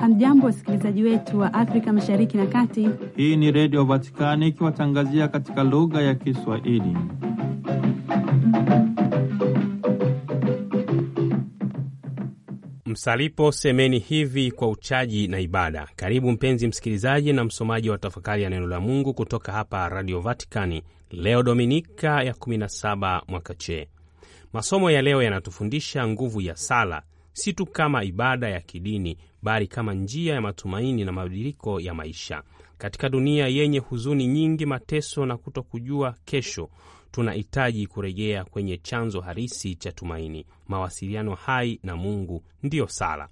Hamjambo, wasikilizaji wetu wa Afrika mashariki na kati. Hii ni Redio Vatikani ikiwatangazia katika lugha ya Kiswahili. Msalipo semeni hivi kwa uchaji na ibada. Karibu mpenzi msikilizaji na msomaji wa tafakari ya neno la Mungu kutoka hapa Radio Vatikani, leo Dominika ya 17 mwaka che Masomo ya leo yanatufundisha nguvu ya sala, si tu kama ibada ya kidini, bali kama njia ya matumaini na mabadiliko ya maisha. Katika dunia yenye huzuni nyingi, mateso na kuto kujua kesho, tunahitaji kurejea kwenye chanzo halisi cha tumaini, mawasiliano hai na Mungu, ndiyo sala.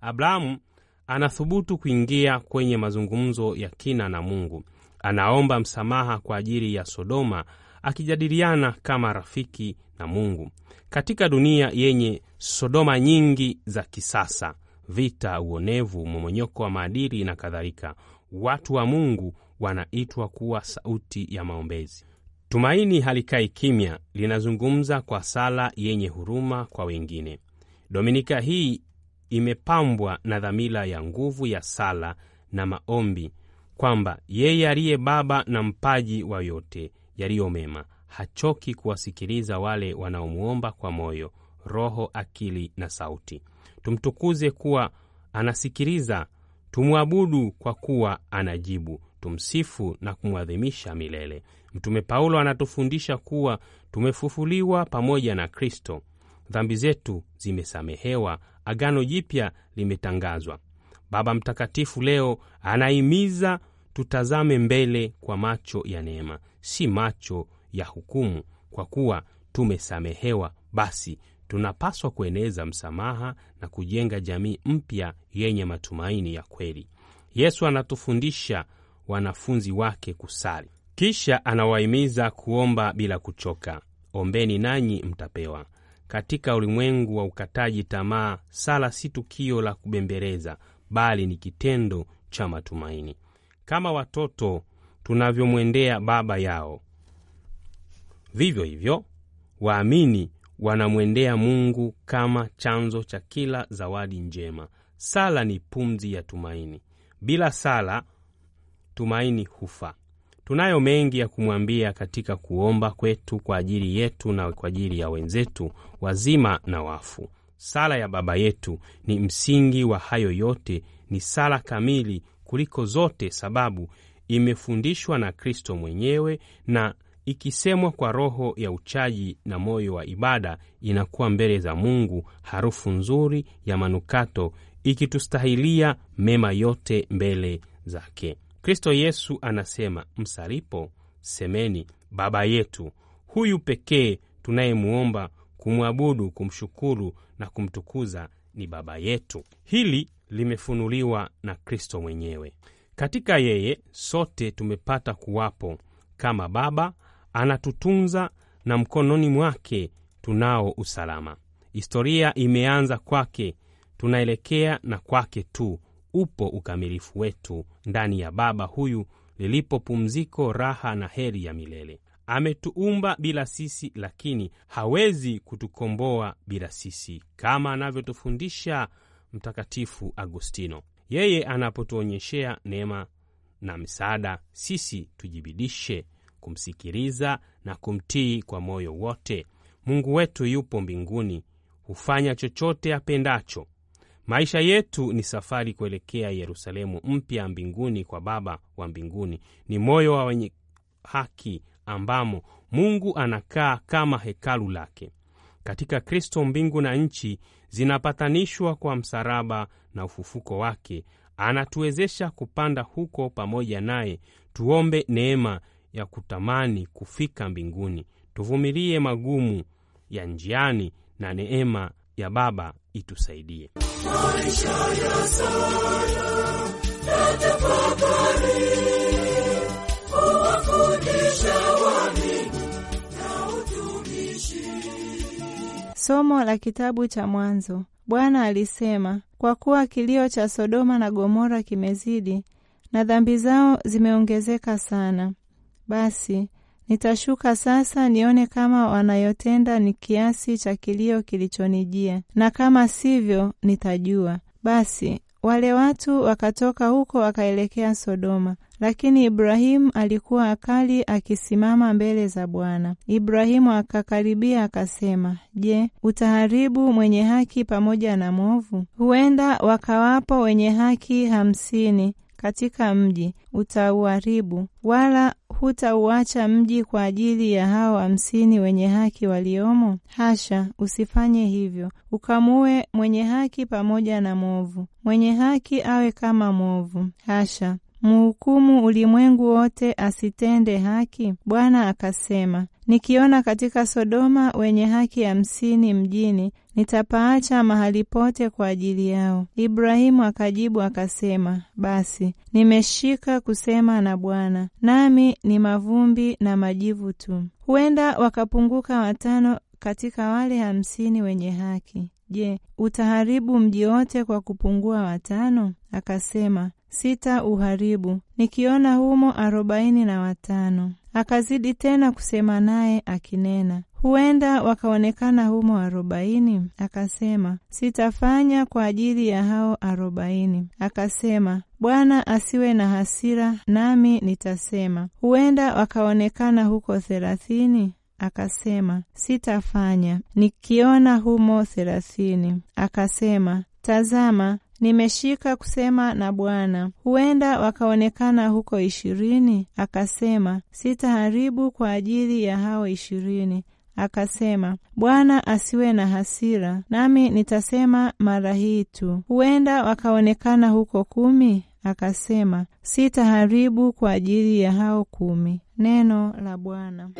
Abrahamu anathubutu kuingia kwenye mazungumzo ya kina na Mungu. Anaomba msamaha kwa ajili ya Sodoma akijadiliana kama rafiki na Mungu katika dunia yenye Sodoma nyingi za kisasa, vita, uonevu, momonyoko wa maadili na kadhalika. Watu wa Mungu wanaitwa kuwa sauti ya maombezi. Tumaini halikai kimya, linazungumza kwa sala yenye huruma kwa wengine. Dominika hii imepambwa na dhamira ya nguvu ya sala na maombi, kwamba yeye aliye Baba na mpaji wa yote yaliyo mema, hachoki kuwasikiliza wale wanaomwomba kwa moyo, roho, akili na sauti. Tumtukuze kuwa anasikiliza, tumwabudu kwa kuwa anajibu, tumsifu na kumwadhimisha milele. Mtume Paulo anatufundisha kuwa tumefufuliwa pamoja na Kristo, dhambi zetu zimesamehewa, agano jipya limetangazwa. Baba Mtakatifu leo anahimiza tutazame mbele kwa macho ya neema, si macho ya hukumu. Kwa kuwa tumesamehewa, basi tunapaswa kueneza msamaha na kujenga jamii mpya yenye matumaini ya kweli. Yesu anatufundisha wanafunzi wake kusali, kisha anawahimiza kuomba bila kuchoka. Ombeni nanyi mtapewa. Katika ulimwengu wa ukataji tamaa, sala si tukio la kubembeleza, bali ni kitendo cha matumaini kama watoto tunavyomwendea Baba yao, vivyo hivyo waamini wanamwendea Mungu kama chanzo cha kila zawadi njema. Sala ni pumzi ya tumaini. Bila sala tumaini hufa. Tunayo mengi ya kumwambia katika kuomba kwetu kwa ajili yetu na kwa ajili ya wenzetu wazima na wafu. Sala ya Baba yetu ni msingi wa hayo yote, ni sala kamili kuliko zote, sababu imefundishwa na Kristo mwenyewe na ikisemwa kwa roho ya uchaji na moyo wa ibada, inakuwa mbele za Mungu harufu nzuri ya manukato, ikitustahilia mema yote mbele zake. Kristo Yesu anasema, msalipo semeni Baba yetu. Huyu pekee tunayemwomba kumwabudu, kumshukuru na kumtukuza ni Baba yetu. Hili limefunuliwa na Kristo mwenyewe. Katika yeye sote tumepata kuwapo kama Baba anatutunza na mkononi mwake tunao usalama. Historia imeanza kwake, tunaelekea na kwake tu upo ukamilifu wetu. Ndani ya Baba huyu lilipo pumziko, raha na heri ya milele. Ametuumba bila sisi, lakini hawezi kutukomboa bila sisi, kama anavyotufundisha Mtakatifu Agostino. Yeye anapotuonyeshea neema na msaada, sisi tujibidishe kumsikiliza na kumtii kwa moyo wote. Mungu wetu yupo mbinguni, hufanya chochote apendacho. Maisha yetu ni safari kuelekea Yerusalemu mpya mbinguni kwa Baba wa mbinguni. Ni moyo wa wenye haki ambamo Mungu anakaa kama hekalu lake. Katika Kristo, mbingu na nchi zinapatanishwa kwa msalaba na ufufuko wake, anatuwezesha kupanda huko pamoja naye. Tuombe neema ya kutamani kufika mbinguni, tuvumilie magumu ya njiani, na neema ya Baba itusaidie. Maisha ya sala Somo la kitabu cha Mwanzo. Bwana alisema, kwa kuwa kilio cha Sodoma na Gomora kimezidi na dhambi zao zimeongezeka sana, basi nitashuka sasa nione kama wanayotenda ni kiasi cha kilio kilichonijia, na kama sivyo nitajua. Basi wale watu wakatoka huko wakaelekea Sodoma. Lakini Ibrahimu alikuwa akali akisimama mbele za Bwana. Ibrahimu akakaribia akasema, Je, utaharibu mwenye haki pamoja na mwovu? Huenda wakawapo wenye haki hamsini katika mji utauharibu, wala hutauacha mji kwa ajili ya hao hamsini wenye haki waliomo? Hasha, usifanye hivyo. Ukamue mwenye haki pamoja na mwovu, mwenye haki awe kama mwovu. Hasha mhukumu ulimwengu wote asitende haki? Bwana akasema, nikiona katika Sodoma wenye haki hamsini mjini, nitapaacha mahali pote kwa ajili yao. Ibrahimu akajibu akasema, basi nimeshika kusema na Bwana, nami ni mavumbi na majivu tu. Huenda wakapunguka watano katika wale hamsini wenye haki. Je, utaharibu mji wote kwa kupungua watano? Akasema, sita uharibu, nikiona humo arobaini na watano. Akazidi tena kusema naye akinena, huenda wakaonekana humo arobaini. Akasema, sitafanya kwa ajili ya hao arobaini. Akasema, Bwana asiwe na hasira, nami nitasema, huenda wakaonekana huko thelathini. Akasema, sitafanya nikiona humo thelathini. Akasema, tazama nimeshika kusema na Bwana, huenda wakaonekana huko ishirini. Akasema, sitaharibu kwa ajili ya hao ishirini. Akasema, Bwana asiwe na hasira, nami nitasema mara hii tu, huenda wakaonekana huko kumi. Akasema, sitaharibu kwa ajili ya hao kumi. Neno la Bwana.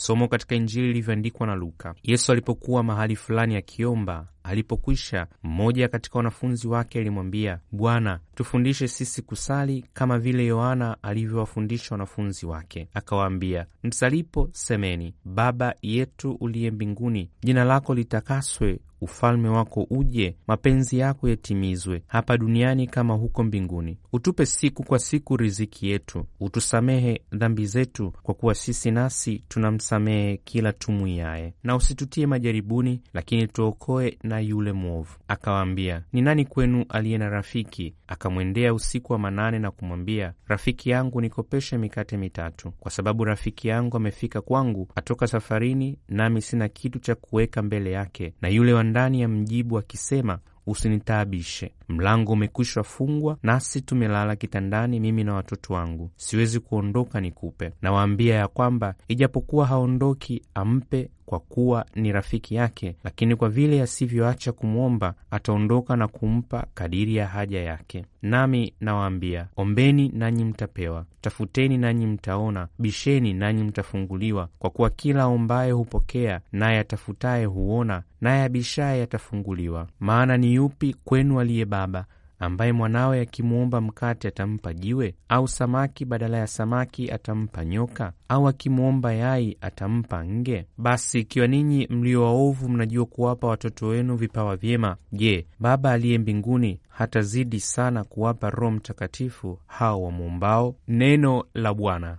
Somo katika Injili ilivyoandikwa na Luka. Yesu alipokuwa mahali fulani akiomba, alipokwisha, mmoja katika wanafunzi wake alimwambia, Bwana, tufundishe sisi kusali kama vile Yohana alivyowafundisha wanafunzi wake, akawaambia, msalipo semeni, Baba yetu uliye mbinguni, jina lako litakaswe ufalme wako uje, mapenzi yako yatimizwe hapa duniani kama huko mbinguni. Utupe siku kwa siku riziki yetu, utusamehe dhambi zetu, kwa kuwa sisi nasi tunamsamehe kila tumwiaye, na usitutie majaribuni, lakini tuokoe na yule mwovu. Akawaambia, ni nani kwenu aliye na rafiki akamwendea usiku wa manane na kumwambia, rafiki yangu, nikopeshe mikate mitatu, kwa sababu rafiki yangu amefika kwangu atoka safarini, nami sina kitu cha kuweka mbele yake. Na yule wa ndani ya mjibu akisema, usinitaabishe Mlango umekwisha fungwa, nasi tumelala kitandani, mimi na watoto wangu. Siwezi kuondoka nikupe. Nawaambia ya kwamba ijapokuwa haondoki ampe kwa kuwa ni rafiki yake, lakini kwa vile asivyoacha kumwomba, ataondoka na kumpa kadiri ya haja yake. Nami nawaambia, ombeni nanyi mtapewa, tafuteni nanyi mtaona, bisheni nanyi mtafunguliwa. Kwa kuwa kila ombaye hupokea, naye atafutaye huona, naye abishaye atafunguliwa. Maana ni yupi kwenu aliyeba baba ambaye mwanawe akimwomba mkate atampa jiwe? Au samaki badala ya samaki atampa nyoka? Au akimwomba yai atampa nge? Basi ikiwa ninyi mlio waovu mnajua kuwapa watoto wenu vipawa vyema, je, Baba aliye mbinguni hatazidi sana kuwapa Roho Mtakatifu hao wamwombao? Neno la Bwana.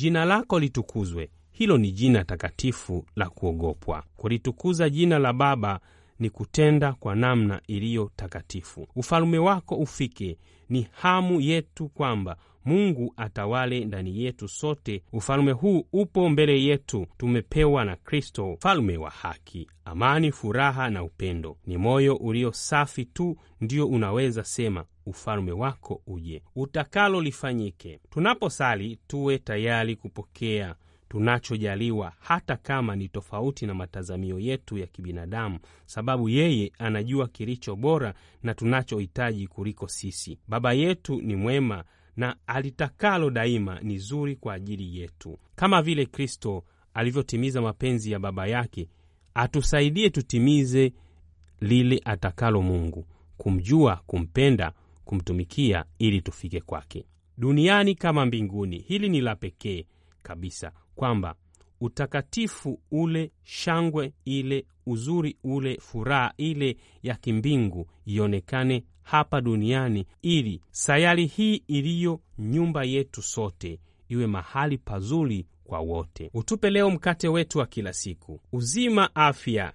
jina lako litukuzwe. Hilo ni jina takatifu la kuogopwa. Kulitukuza jina la Baba ni kutenda kwa namna iliyo takatifu. Ufalume wako ufike, ni hamu yetu kwamba Mungu atawale ndani yetu sote. Ufalume huu upo mbele yetu, tumepewa na Kristo, mfalume wa haki, amani, furaha na upendo. Ni moyo ulio safi tu ndio unaweza sema ufalume wako uje, utakalo lifanyike. Tunaposali tuwe tayari kupokea tunachojaliwa hata kama ni tofauti na matazamio yetu ya kibinadamu, sababu yeye anajua kilicho bora na tunachohitaji kuliko sisi. Baba yetu ni mwema na alitakalo daima ni zuri kwa ajili yetu. Kama vile Kristo alivyotimiza mapenzi ya Baba yake, atusaidie tutimize lile atakalo Mungu: kumjua, kumpenda, kumtumikia ili tufike kwake duniani kama mbinguni. Hili ni la pekee kabisa kwamba utakatifu ule, shangwe ile, uzuri ule, furaha ile ya kimbingu ionekane hapa duniani, ili sayari hii iliyo nyumba yetu sote iwe mahali pazuri kwa wote. Utupe leo mkate wetu wa kila siku, uzima, afya,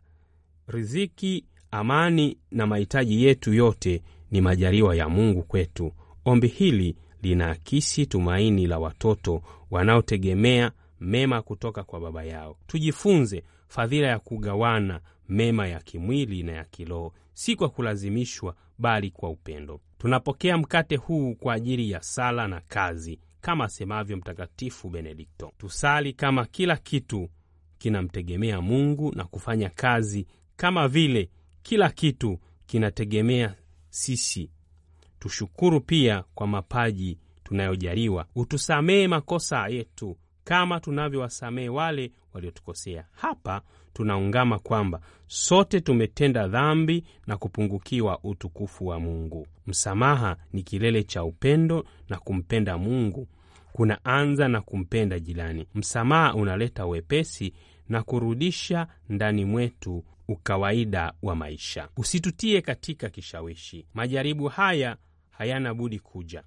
riziki, amani na mahitaji yetu yote ni majaliwa ya Mungu kwetu. Ombi hili linaakisi tumaini la watoto wanaotegemea mema kutoka kwa Baba yao. Tujifunze fadhila ya kugawana mema ya kimwili na ya kiroho, si kwa kulazimishwa, bali kwa upendo. Tunapokea mkate huu kwa ajili ya sala na kazi, kama asemavyo Mtakatifu Benedikto, tusali kama kila kitu kinamtegemea Mungu na kufanya kazi kama vile kila kitu kinategemea sisi. Tushukuru pia kwa mapaji tunayojaliwa. Utusamehe makosa yetu kama tunavyowasamehe wale waliotukosea. Hapa tunaungama kwamba sote tumetenda dhambi na kupungukiwa utukufu wa Mungu. Msamaha ni kilele cha upendo na kumpenda Mungu kuna anza na kumpenda jirani. Msamaha unaleta wepesi na kurudisha ndani mwetu ukawaida wa maisha. Usitutie katika kishawishi. Majaribu haya hayana budi kuja,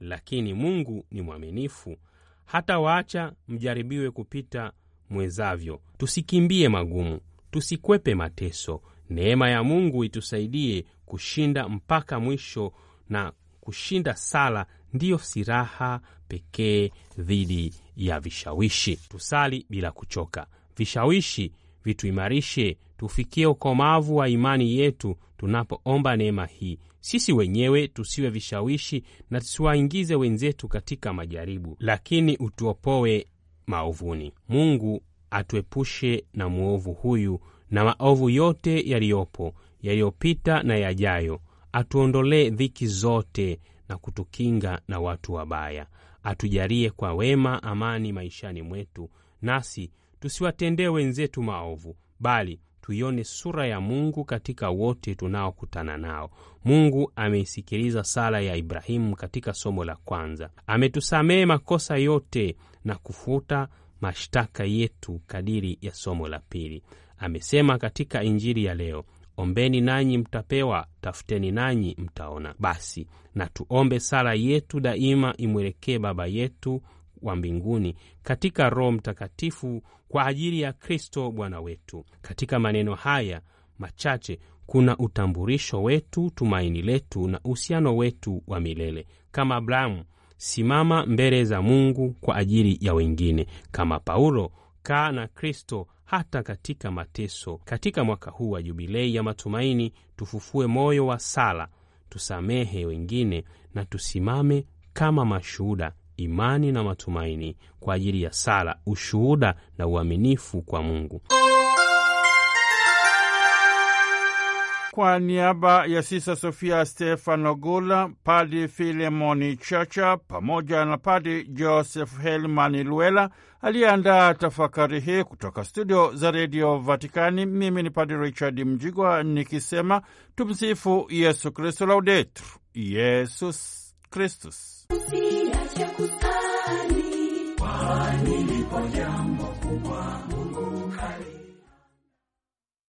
lakini Mungu ni mwaminifu, hata waacha mjaribiwe kupita mwezavyo. Tusikimbie magumu, tusikwepe mateso. Neema ya Mungu itusaidie kushinda mpaka mwisho, na kushinda sala ndiyo silaha pekee dhidi ya vishawishi. Tusali bila kuchoka, vishawishi vituimarishe tufikie ukomavu wa imani yetu tunapoomba neema hii. Sisi wenyewe tusiwe vishawishi na tusiwaingize wenzetu katika majaribu, lakini utuopoe maovuni. Mungu atuepushe na mwovu huyu na maovu yote yaliyopo, yaliyopita na yajayo. Atuondolee dhiki zote na kutukinga na watu wabaya. Atujalie kwa wema amani maishani mwetu, nasi tusiwatendee wenzetu maovu, bali tuione sura ya Mungu katika wote tunaokutana nao. Mungu ameisikiliza sala ya Ibrahimu katika somo la kwanza. Ametusamehe makosa yote na kufuta mashtaka yetu kadiri ya somo la pili. Amesema katika Injili ya leo, ombeni nanyi mtapewa, tafuteni nanyi mtaona. Basi na tuombe sala yetu daima imwelekee Baba yetu wa mbinguni katika Roho Mtakatifu kwa ajili ya Kristo Bwana wetu. Katika maneno haya machache kuna utambulisho wetu, tumaini letu na uhusiano wetu wa milele. Kama Abrahamu, simama mbele za Mungu kwa ajili ya wengine. Kama Paulo, kaa na Kristo hata katika mateso. Katika mwaka huu wa Jubilei ya matumaini, tufufue moyo wa sala, tusamehe wengine na tusimame kama mashuhuda imani na matumaini, kwa ajili ya sala, ushuhuda na uaminifu kwa Mungu. Kwa niaba ya Sisa Sofia Stefano Gula, Padi Filemoni Chacha pamoja na Padi Joseph Helmani Luela aliyeandaa tafakari hii kutoka studio za redio Vatikani. Mimi ni Padi Richard Mjigwa nikisema tumsifu Yesu Kristu, laudetur Yesus Kristus. 我爱你，榜样。